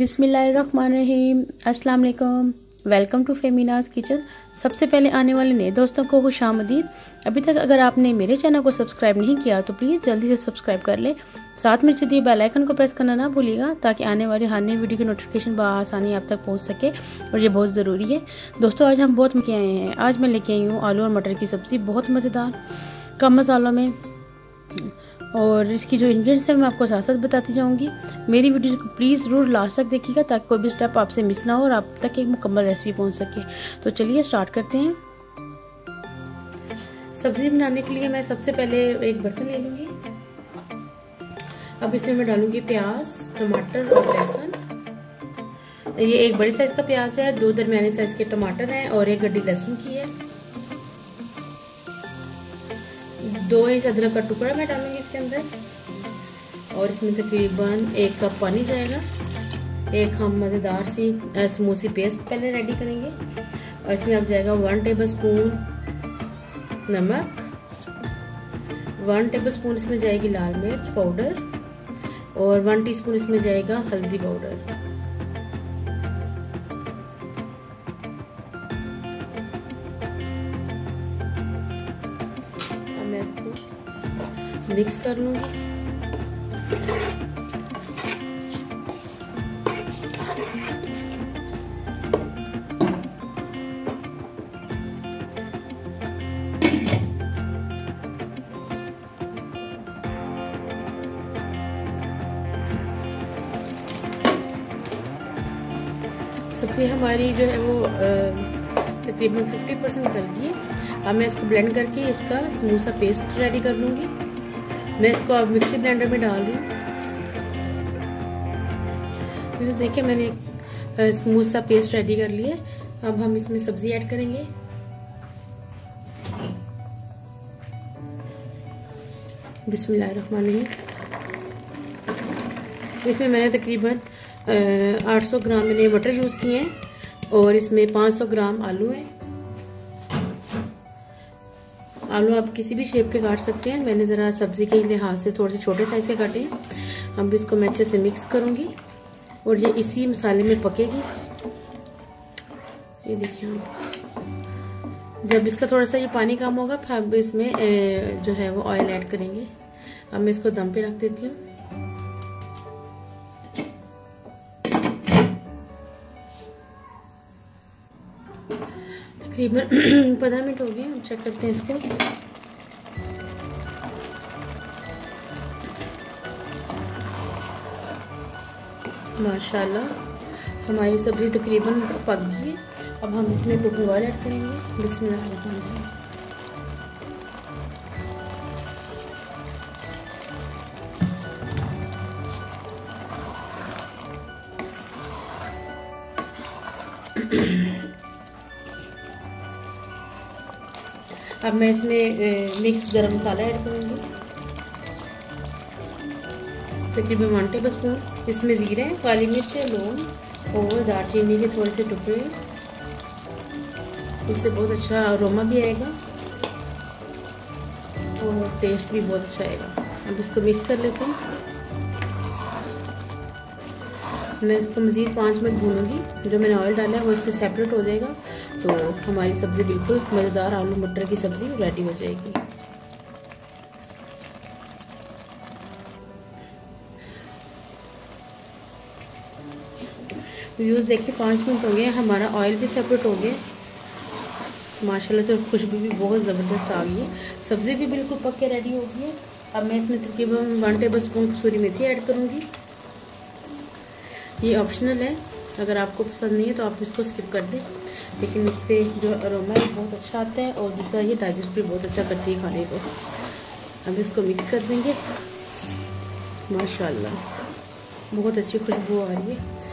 बिसमीम अस्सलाम वालेकुम वेलकम टू फेमिनाज किचन सबसे पहले आने वाले नए दोस्तों को खुश आमदीद अभी तक अगर आपने मेरे चैनल को सब्सक्राइब नहीं किया तो प्लीज़ जल्दी से सब्सक्राइब कर लें साथ में जो दिए बेल आइकन को प्रेस करना ना भूलिएगा ताकि आने वाली हर नई वीडियो की नोटिफिकेशन आसानी आप तक पहुंच सके और ये बहुत ज़रूरी है दोस्तों आज हम बहुत लेके आए हैं आज मैं लेके आई हूँ आलू और मटर की सब्ज़ी बहुत मज़ेदार कम मसालों में और इसकी जो इंग्रेडिएंट्स हैं मैं आपको साथ साथ बताती जाऊँगी मेरी वीडियो को प्लीज़ ज़रूर लास्ट तक देखिएगा ताकि कोई भी स्टेप आपसे मिस ना हो और आप तक एक मुकम्मल रेसिपी पहुंच सके तो चलिए स्टार्ट करते हैं सब्ज़ी बनाने के लिए मैं सबसे पहले एक बर्तन ले लूँगी अब इसमें मैं डालूँगी प्याज टमाटर और लहसुन ये एक बड़े साइज़ का प्याज है दो दरमियाने साइज़ के टमाटर हैं और एक गड्डी लहसुन की दो इंच अदरक का टुकड़ा मैं डालूंगी इसके अंदर और इसमें तकरीबन एक कप पानी जाएगा एक हम मज़ेदार सी समोसी पेस्ट पहले रेडी करेंगे और इसमें अब जाएगा वन टेबल स्पून नमक वन टेबल स्पून इसमें जाएगी लाल मिर्च पाउडर और वन टीस्पून इसमें जाएगा हल्दी पाउडर मिक्स कर लूंगी सब्ज़ी हमारी जो है वो तकरीबन 50 परसेंट कर दी है अब मैं इसको ब्लेंड करके इसका समोसा पेस्ट रेडी कर लूँगी मैं इसको अब मिक्सी ब्लेंडर में डाल रही हूँ देखिए मैंने स्मूथ सा पेस्ट रेडी कर लिया अब हम इसमें सब्जी ऐड करेंगे बिस्मिल्लाह इसमें मैंने तकरीबन 800 ग्राम मैंने मटर यूज़ किए हैं और इसमें 500 ग्राम आलू हैं आलू आप किसी भी शेप के काट सकते हैं मैंने ज़रा सब्ज़ी के लिहाज से थोड़े से छोटे साइज़ के काटे हैं अब इसको मैं अच्छे से मिक्स करूँगी और ये इसी मसाले में पकेगी ये देखिए आप जब इसका थोड़ा सा ये पानी कम होगा फिर अब इसमें जो है वो ऑयल ऐड करेंगे अब मैं इसको दम पे रख देती हूँ तकरीबन पंद्रह मिनट हो गए हम चेक करते हैं इसको माशाल्लाह हमारी सब्ज़ी तकरीबन पक गई है अब हम इसमें कुकिंग ऑयल ऐड करेंगे बिस्मिल्लाह Mm-hmm. अब मैं इसमें मिक्स गरम मसाला ऐड करूँगी तकरीबन वन टेबल स्पून इसमें ज़ीरे काली मिर्च लौंग और दालचीनी के थोड़े से टुकड़े इससे बहुत अच्छा अरोमा भी आएगा और टेस्ट भी बहुत अच्छा आएगा अब इसको मिक्स कर लेते हैं मैं इसको मज़ीद पाँच मिनट भूनूंगी जो मैंने ऑयल डाला है वो इससे सेपरेट हो जाएगा तो हमारी सब्ज़ी बिल्कुल मज़ेदार आलू मटर की सब्ज़ी रेडी हो जाएगी व्यूज़ देखिए पाँच मिनट हो गए हमारा ऑयल भी सेपरेट हो गया माशाल्लाह से खुशबू भी बहुत ज़बरदस्त आ गई है सब्ज़ी भी बिल्कुल पक के रेडी हो गई है अब मैं इसमें तकरीबन वन टेबल स्पून कसूरी मेथी ऐड करूँगी ये ऑप्शनल है अगर आपको पसंद नहीं है तो आप इसको स्किप कर दें लेकिन इससे जो अरोमा है बहुत अच्छा आता है और दूसरा ये डाइजेस्ट भी बहुत अच्छा करती है खाने को अब इसको मिक्स कर देंगे माशाल्लाह बहुत अच्छी खुशबू आ रही है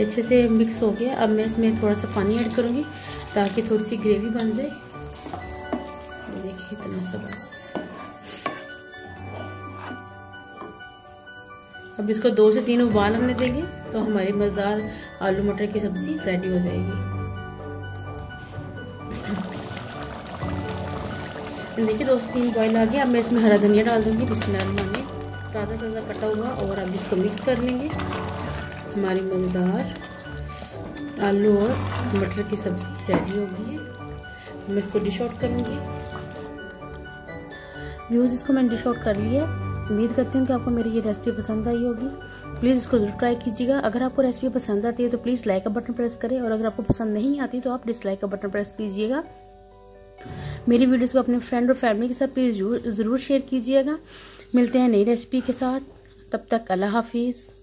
ये अच्छे से मिक्स हो गया अब मैं इसमें थोड़ा सा पानी ऐड करूँगी ताकि थोड़ी सी ग्रेवी बन जाए देखिए इतना सा बस अब इसको दो से तीन उबाल हमने देंगे तो हमारी मज़ेदार आलू मटर की सब्ज़ी रेडी हो जाएगी देखिए दो से तीन बॉयल आ गया अब मैं इसमें हरा धनिया डाल दूँगी बिस्मिल्लाह ताज़ा ताज़ा कटा हुआ और अब इसको मिक्स कर लेंगे हमारी मज़ेदार आलू और मटर की सब्ज़ी रेडी हो गई है मैं इसको डिश आउट करूँगी व्यूज़ इसको मैंने डिश आउट कर लिया उम्मीद करती हूँ कि आपको मेरी ये रेसिपी पसंद आई होगी प्लीज़ इसको जरूर ट्राई कीजिएगा अगर आपको रेसिपी पसंद आती है तो प्लीज़ लाइक का बटन प्रेस करें और अगर आपको पसंद नहीं आती तो आप डिसलाइक का बटन प्रेस कीजिएगा मेरी वीडियोस को अपने फ्रेंड और फैमिली के साथ प्लीज़ ज़रूर शेयर कीजिएगा मिलते हैं नई रेसिपी के साथ तब तक अल्लाह हाफिज़